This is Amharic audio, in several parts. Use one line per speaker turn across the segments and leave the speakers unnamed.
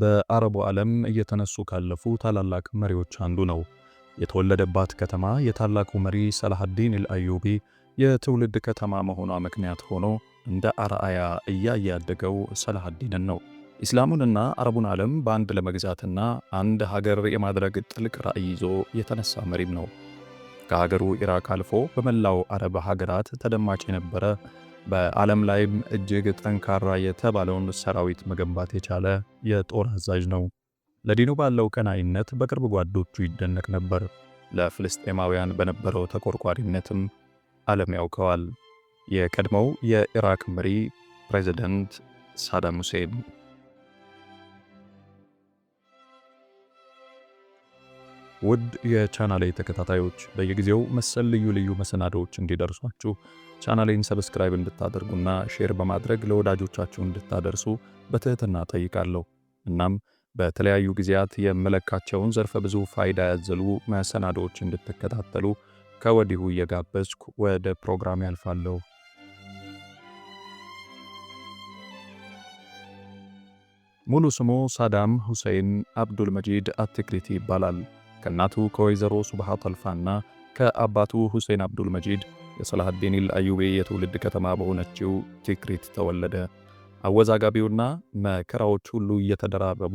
በአረቡ ዓለም እየተነሱ ካለፉ ታላላቅ መሪዎች አንዱ ነው። የተወለደባት ከተማ የታላቁ መሪ ሰላሐዲን አልአዩቢ የትውልድ ከተማ መሆኗ ምክንያት ሆኖ እንደ አርአያ እያየ ያደገው ሰላሐዲንን ነው። ኢስላሙንና አረቡን ዓለም በአንድ ለመግዛትና አንድ ሀገር የማድረግ ጥልቅ ራዕይ ይዞ የተነሳ መሪም ነው። ከሀገሩ ኢራቅ አልፎ በመላው አረብ ሀገራት ተደማጭ የነበረ በዓለም ላይም እጅግ ጠንካራ የተባለውን ሰራዊት መገንባት የቻለ የጦር አዛዥ ነው። ለዲኑ ባለው ቀናይነት በቅርብ ጓዶቹ ይደነቅ ነበር። ለፍልስጤማውያን በነበረው ተቆርቋሪነትም ዓለም ያውቀዋል። የቀድሞው የኢራቅ መሪ ፕሬዚደንት ሳዳም ሁሴን ውድ የቻናሌ ተከታታዮች በየጊዜው መሰል ልዩ ልዩ መሰናዶዎች እንዲደርሷችሁ ቻናሌን ሰብስክራይብ እንድታደርጉና ሼር በማድረግ ለወዳጆቻችሁ እንድታደርሱ በትህትና ጠይቃለሁ። እናም በተለያዩ ጊዜያት የምለካቸውን ዘርፈ ብዙ ፋይዳ ያዘሉ መሰናዶዎች እንድትከታተሉ ከወዲሁ እየጋበዝኩ ወደ ፕሮግራም ያልፋለሁ። ሙሉ ስሙ ሳዳም ሁሴይን አብዱል መጂድ አትክሪቲ ይባላል። ከእናቱ ከወይዘሮ ሱብሃ ተልፋና ከአባቱ ሁሴን አብዱል መጂድ የሰላሐዲን አዩቤ የትውልድ ከተማ በሆነችው ቲክሪት ተወለደ። አወዛጋቢውና መከራዎች ሁሉ እየተደራረቡ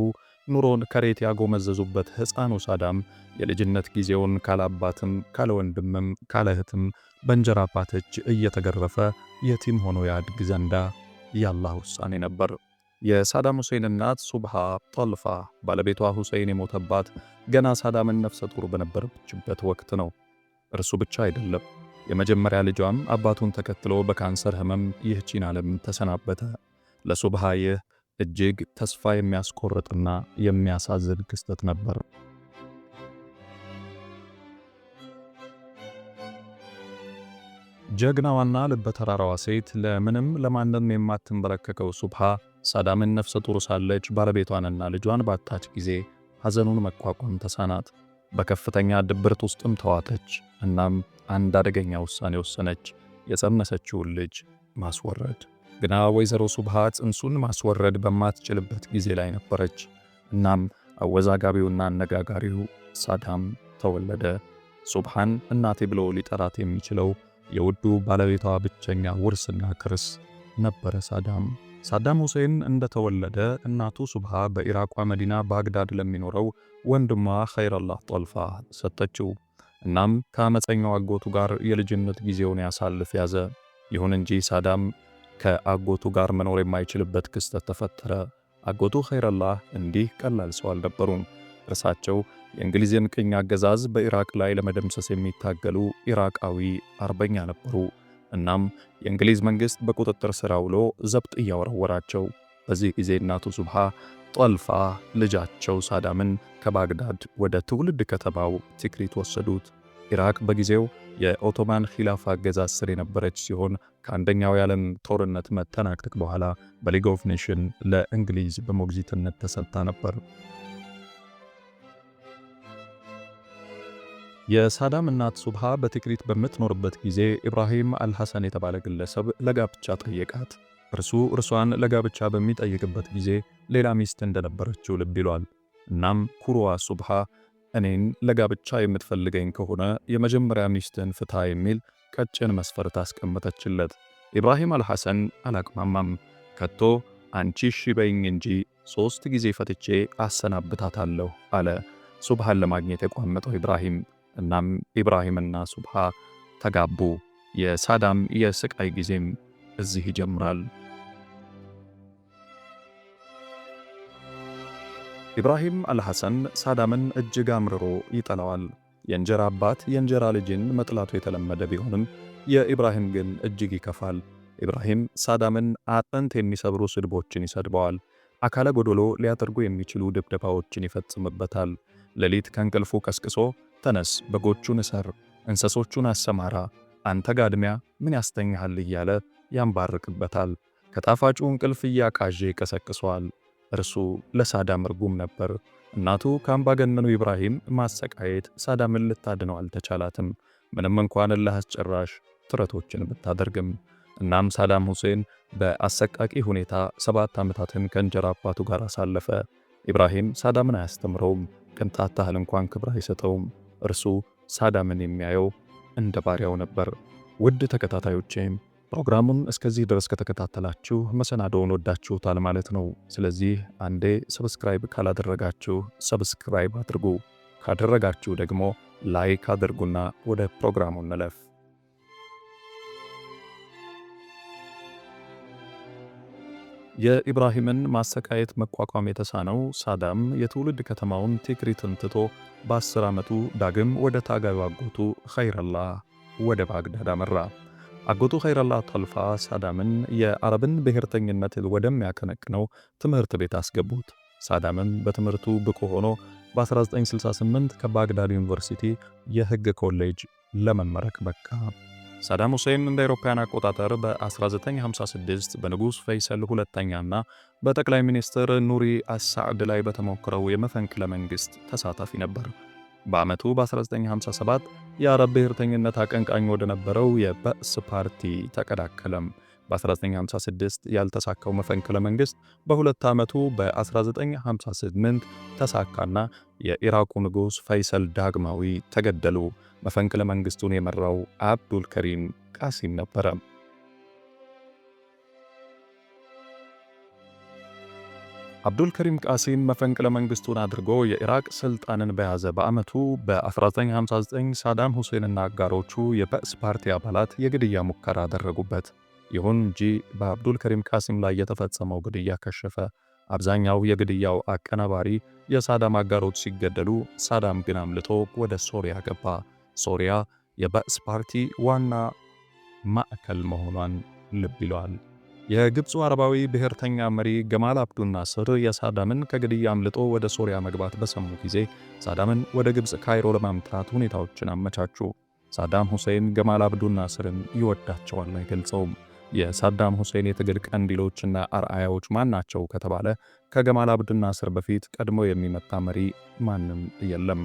ኑሮን ከሬት ያጎመዘዙበት ሕፃኑ ሳዳም የልጅነት ጊዜውን ካለአባትም ካለወንድምም ካለእህትም በእንጀራ አባት እጅ እየተገረፈ የቲም ሆኖ ያድግ ዘንዳ ያላህ ውሳኔ ነበር። የሳዳም ሁሴን እናት ሱብሃ ጠልፋ ባለቤቷ ሁሴን የሞተባት ገና ሳዳምን ነፍሰ ጡር በነበረችበት ወቅት ነው። እርሱ ብቻ አይደለም፣ የመጀመሪያ ልጇም አባቱን ተከትሎ በካንሰር ህመም ይህቺን ዓለም ተሰናበተ። ለሱብሃ ይህ እጅግ ተስፋ የሚያስቆርጥና የሚያሳዝን ክስተት ነበር። ጀግናዋና ልበተራራዋ ሴት ለምንም ለማንም የማትንበረከከው ሱብሃ ሳዳምን ነፍሰ ጡር ሳለች ባለቤቷንና ልጇን ባጣች ጊዜ ሐዘኑን መቋቋም ተሳናት። በከፍተኛ ድብርት ውስጥም ተዋጠች። እናም አንድ አደገኛ ውሳኔ ወሰነች፣ የጸነሰችውን ልጅ ማስወረድ። ግና ወይዘሮ ሱብሃ ጽንሱን ማስወረድ በማትችልበት ጊዜ ላይ ነበረች። እናም አወዛጋቢውና አነጋጋሪው ሳዳም ተወለደ። ሱብሃን እናቴ ብሎ ሊጠራት የሚችለው የውዱ ባለቤቷ ብቸኛ ውርስና ክርስ ነበረ ሳዳም ሳዳም ሁሴን እንደተወለደ እናቱ ሱብሃ በኢራቋ መዲና ባግዳድ ለሚኖረው ወንድሟ ኸይረላህ ጦልፋ ሰጠችው። እናም ከአመፀኛው አጎቱ ጋር የልጅነት ጊዜውን ያሳልፍ ያዘ። ይሁን እንጂ ሳዳም ከአጎቱ ጋር መኖር የማይችልበት ክስተት ተፈጠረ። አጎቱ ኸይረላህ እንዲህ ቀላል ሰው አልነበሩም። እርሳቸው የእንግሊዝን ቅኝ አገዛዝ በኢራቅ ላይ ለመደምሰስ የሚታገሉ ኢራቃዊ አርበኛ ነበሩ። እናም የእንግሊዝ መንግስት በቁጥጥር ስር አውሎ ዘብጥ እያወረወራቸው። በዚህ ጊዜ እናቱ ሱብሃ ጠልፋ ልጃቸው ሳዳምን ከባግዳድ ወደ ትውልድ ከተማው ቲክሪት ወሰዱት። ኢራቅ በጊዜው የኦቶማን ኺላፍ አገዛዝ ስር የነበረች ሲሆን ከአንደኛው የዓለም ጦርነት መተናቀቅ በኋላ በሊግ ኦፍ ኔሽን ለእንግሊዝ በሞግዚትነት ተሰጥታ ነበር። የሳዳም እናት ሱብሃ በትክሪት በምትኖርበት ጊዜ ኢብራሂም አልሐሰን የተባለ ግለሰብ ለጋብቻ ጠየቃት። እርሱ እርሷን ለጋብቻ በሚጠይቅበት ጊዜ ሌላ ሚስት እንደነበረችው ልብ ይሏል። እናም ኩሩዋ ሱብሃ እኔን ለጋብቻ የምትፈልገኝ ከሆነ የመጀመሪያ ሚስትን ፍታ የሚል ቀጭን መስፈርት አስቀመጠችለት። ኢብራሂም አልሐሰን አላቅማማም። ከቶ አንቺ እሺ በይኝ እንጂ ሦስት ጊዜ ፈትቼ አሰናብታታለሁ አለ። ሱብሃን ለማግኘት የቋመጠው ኢብራሂም እናም ኢብራሂምና ሱብሃ ተጋቡ። የሳዳም የስቃይ ጊዜም እዚህ ይጀምራል። ኢብራሂም አልሐሰን ሳዳምን እጅግ አምርሮ ይጠላዋል። የእንጀራ አባት የእንጀራ ልጅን መጥላቱ የተለመደ ቢሆንም የኢብራሂም ግን እጅግ ይከፋል። ኢብራሂም ሳዳምን አጥንት የሚሰብሩ ስድቦችን ይሰድበዋል። አካለ ጎዶሎ ሊያደርጉ የሚችሉ ድብደባዎችን ይፈጽምበታል። ሌሊት ከእንቅልፉ ቀስቅሶ ተነስ በጎቹን እሰር፣ እንስሶቹን አሰማራ፣ አንተ ጋድሚያ ምን ያስተኛሃል እያለ ያንባርቅበታል። ከጣፋጩ እንቅልፍ እያቃዤ ይቀሰቅሰዋል። እርሱ ለሳዳም እርጉም ነበር። እናቱ ከአምባገነኑ ኢብራሂም ማሰቃየት ሳዳምን ልታድነው አልተቻላትም፣ ምንም እንኳን እልህ አስጨራሽ ጥረቶችን ብታደርግም። እናም ሳዳም ሁሴን በአሰቃቂ ሁኔታ ሰባት ዓመታትን ከእንጀራ አባቱ ጋር አሳለፈ። ኢብራሂም ሳዳምን አያስተምረውም፣ ቅንጣት ታህል እንኳን ክብር አይሰጠውም። እርሱ ሳዳምን የሚያየው እንደ ባሪያው ነበር። ውድ ተከታታዮቼም ፕሮግራሙን እስከዚህ ድረስ ከተከታተላችሁ መሰናዶውን ወዳችሁታል ማለት ነው። ስለዚህ አንዴ ሰብስክራይብ ካላደረጋችሁ ሰብስክራይብ አድርጉ፣ ካደረጋችሁ ደግሞ ላይክ አድርጉና ወደ ፕሮግራሙ እንለፍ። የኢብራሂምን ማሰቃየት መቋቋም የተሳነው ሳዳም የትውልድ ከተማውን ቲክሪትን ትቶ በ10 ዓመቱ ዳግም ወደ ታጋዩ አጎቱ ኸይረላ ወደ ባግዳድ አመራ። አጎቱ ኸይረላ ተልፋ ሳዳምን የአረብን ብሔርተኝነት ወደሚያቀነቅነው ትምህርት ቤት አስገቡት። ሳዳምም በትምህርቱ ብቁ ሆኖ በ1968 ከባግዳድ ዩኒቨርሲቲ የሕግ ኮሌጅ ለመመረቅ በቃ። ሳዳም ሁሴን እንደ አውሮፓውያን አቆጣጠር በ1956 በንጉሥ ፈይሰል ሁለተኛና በጠቅላይ ሚኒስትር ኑሪ አሳዕድ ላይ በተሞክረው የመፈንቅለ መንግሥት ተሳታፊ ነበር። በዓመቱ በ1957 የአረብ ብሔርተኝነት አቀንቃኝ ወደ ነበረው የበእስ ፓርቲ ተቀዳከለም። በ1956 ያልተሳካው መፈንቅለ መንግስት በሁለት ዓመቱ በ1958 ተሳካና የኢራቁ ንጉሥ ፈይሰል ዳግማዊ ተገደሉ። መፈንቅለ መንግስቱን የመራው አብዱል ከሪም ቃሲም ነበረ። አብዱል ከሪም ቃሲም መፈንቅለ መንግስቱን አድርጎ የኢራቅ ስልጣንን በያዘ በዓመቱ በ1959 ሳዳም ሁሴንና አጋሮቹ የበእስ ፓርቲ አባላት የግድያ ሙከራ አደረጉበት። ይሁን እንጂ በአብዱል ከሪም ቃሲም ላይ የተፈጸመው ግድያ ከሸፈ። አብዛኛው የግድያው አቀናባሪ የሳዳም አጋሮች ሲገደሉ፣ ሳዳም ግን አምልጦ ወደ ሶሪያ ገባ። ሶሪያ የባዕስ ፓርቲ ዋና ማዕከል መሆኗን ልብ ይለዋል። የግብፁ አረባዊ ብሔርተኛ መሪ ገማል አብዱናስር የሳዳምን ከግድያ አምልጦ ወደ ሶሪያ መግባት በሰሙ ጊዜ ሳዳምን ወደ ግብፅ ካይሮ ለማምጣት ሁኔታዎችን አመቻቹ። ሳዳም ሁሴን ገማል አብዱናስርን ይወዳቸዋል አይገልጸውም። የሳዳም ሁሴን የትግል ቀንዲሎችና አርአያዎች ማን ናቸው ከተባለ ከገማል አብድል ናስር በፊት ቀድሞ የሚመታ መሪ ማንም የለም።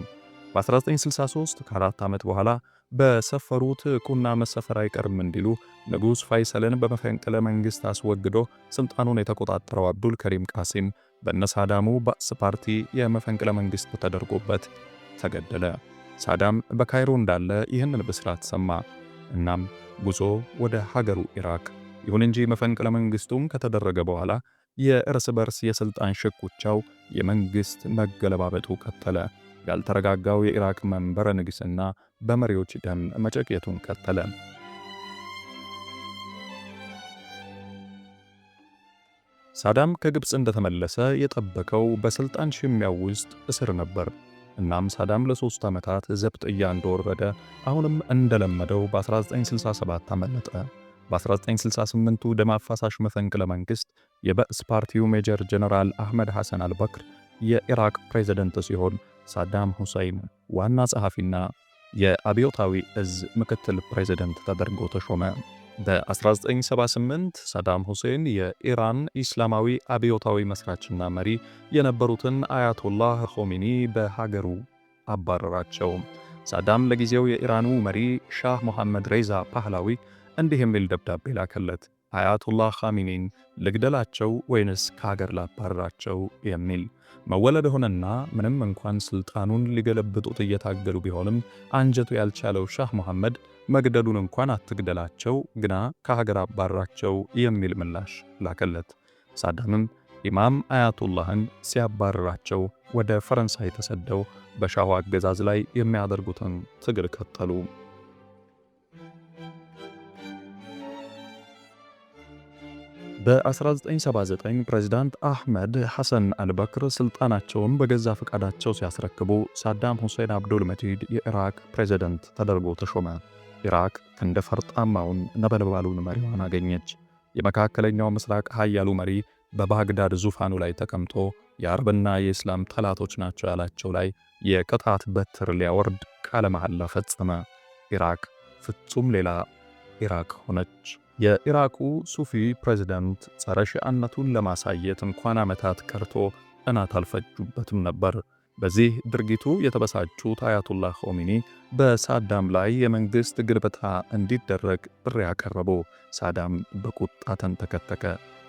በ1963 ከአራት ዓመት በኋላ በሰፈሩት ቁና መሰፈር አይቀርም እንዲሉ ንጉሥ ፋይሰልን በመፈንቅለ መንግሥት አስወግዶ ስልጣኑን የተቆጣጠረው አብዱል ከሪም ቃሲም በነሳዳሙ ባስ ፓርቲ የመፈንቅለ መንግሥት ተደርጎበት ተገደለ። ሳዳም በካይሮ እንዳለ ይህንን ብስራት ሰማ። እናም ጉዞ ወደ ሀገሩ ኢራቅ። ይሁን እንጂ መፈንቅለ መንግስቱም ከተደረገ በኋላ የእርስ በርስ የሥልጣን ሽኩቻው የመንግሥት መገለባበጡ ቀጠለ። ያልተረጋጋው የኢራቅ መንበረ ንግሥና በመሪዎች ደም መጨቅየቱን ቀጠለ። ሳዳም ከግብፅ እንደተመለሰ የጠበቀው በሥልጣን ሽሚያው ውስጥ እስር ነበር። እናም ሳዳም ለሶስት ዓመታት ዘብጥያ እንደወረደ አሁንም እንደለመደው በ1967 አመለጠ። በ1968ቱ ደም አፋሳሽ መፈንቅለ መንግሥት የበእስ ፓርቲው ሜጀር ጀነራል አህመድ ሐሰን አልበክር የኢራቅ ፕሬዝደንት ሲሆን ሳዳም ሁሰይን ዋና ጸሐፊና የአብዮታዊ እዝ ምክትል ፕሬዝደንት ተደርጎ ተሾመ። በ1978 ሳዳም ሁሴን የኢራን ኢስላማዊ አብዮታዊ መስራችና መሪ የነበሩትን አያቶላህ ኾሜኒ በሀገሩ አባረራቸው። ሳዳም ለጊዜው የኢራኑ መሪ ሻህ መሐመድ ሬዛ ፓህላዊ እንዲህ የሚል ደብዳቤ ላከለት። አያቱላህ ኻሚኒን ልግደላቸው ወይንስ ከሀገር ላባረራቸው የሚል መወለድ ሆነና ምንም እንኳን ስልጣኑን ሊገለብጡት እየታገሉ ቢሆንም አንጀቱ ያልቻለው ሻህ መሐመድ መግደሉን እንኳን አትግደላቸው ግና ከሀገር አባራቸው የሚል ምላሽ ላከለት። ሳዳምም ኢማም አያቱላህን ሲያባረራቸው ወደ ፈረንሳይ ተሰደው በሻሁ አገዛዝ ላይ የሚያደርጉትን ትግል ቀጠሉ። በ1979 ፕሬዚዳንት አህመድ ሐሰን አልበክር ስልጣናቸውን በገዛ ፈቃዳቸው ሲያስረክቡ ሳዳም ሁሴን አብዱል መጂድ የኢራቅ ፕሬዚደንት ተደርጎ ተሾመ። ኢራቅ እንደ ፈርጣማውን ነበልባሉን መሪዋን አገኘች። የመካከለኛው ምስራቅ ኃያሉ መሪ በባግዳድ ዙፋኑ ላይ ተቀምጦ የአረብና የእስላም ጠላቶች ናቸው ያላቸው ላይ የቅጣት በትር ሊያወርድ ቃለ መሐላ ፈጸመ። ኢራቅ ፍጹም ሌላ ኢራቅ ሆነች። የኢራቁ ሱፊ ፕሬዝዳንት ጸረ ሺዓነቱን ለማሳየት እንኳን ዓመታት ቀርቶ ቀናት አልፈጁበትም ነበር። በዚህ ድርጊቱ የተበሳጩት አያቱላህ ኾሚኒ በሳዳም ላይ የመንግሥት ግልበታ እንዲደረግ ጥሪ አቀረቡ። ሳዳም በቁጣ ተንተከተከ።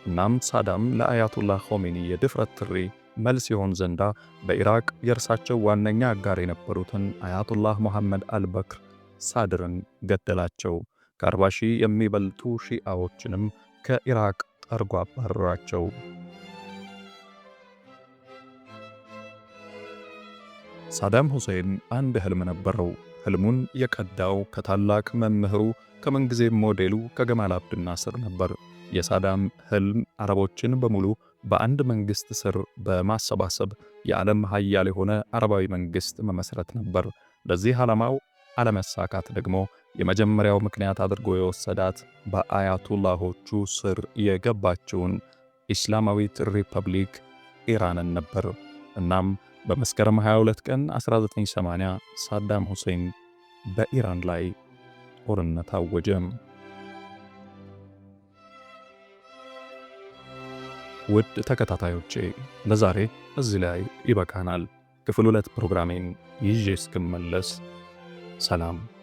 እናም ሳዳም ለአያቱላህ ኾሚኒ የድፍረት ጥሪ መልስ ይሆን ዘንዳ በኢራቅ የእርሳቸው ዋነኛ አጋር የነበሩትን አያቱላህ መሐመድ አልበክር ሳድርን ገደላቸው። ከ40 ሺህ የሚበልጡ ሺአዎችንም ከኢራቅ ጠርጎ አባረራቸው። ሳዳም ሁሴን አንድ ህልም ነበረው። ህልሙን የቀዳው ከታላቅ መምህሩ ከምንጊዜም ሞዴሉ ከገማል አብድናስር ነበር። የሳዳም ህልም አረቦችን በሙሉ በአንድ መንግስት ስር በማሰባሰብ የዓለም ሀያል የሆነ አረባዊ መንግስት መመስረት ነበር። ለዚህ ዓላማው አለመሳካት ደግሞ የመጀመሪያው ምክንያት አድርጎ የወሰዳት በአያቱላሆቹ ስር የገባችውን ኢስላማዊት ሪፐብሊክ ኢራንን ነበር። እናም በመስከረም 22 ቀን 1980 ሳዳም ሁሴን በኢራን ላይ ጦርነት አወጀ። ውድ ተከታታዮቼ ለዛሬ እዚህ ላይ ይበቃናል። ክፍል ሁለት ፕሮግራሜን ይዤ እስክመለስ Salam.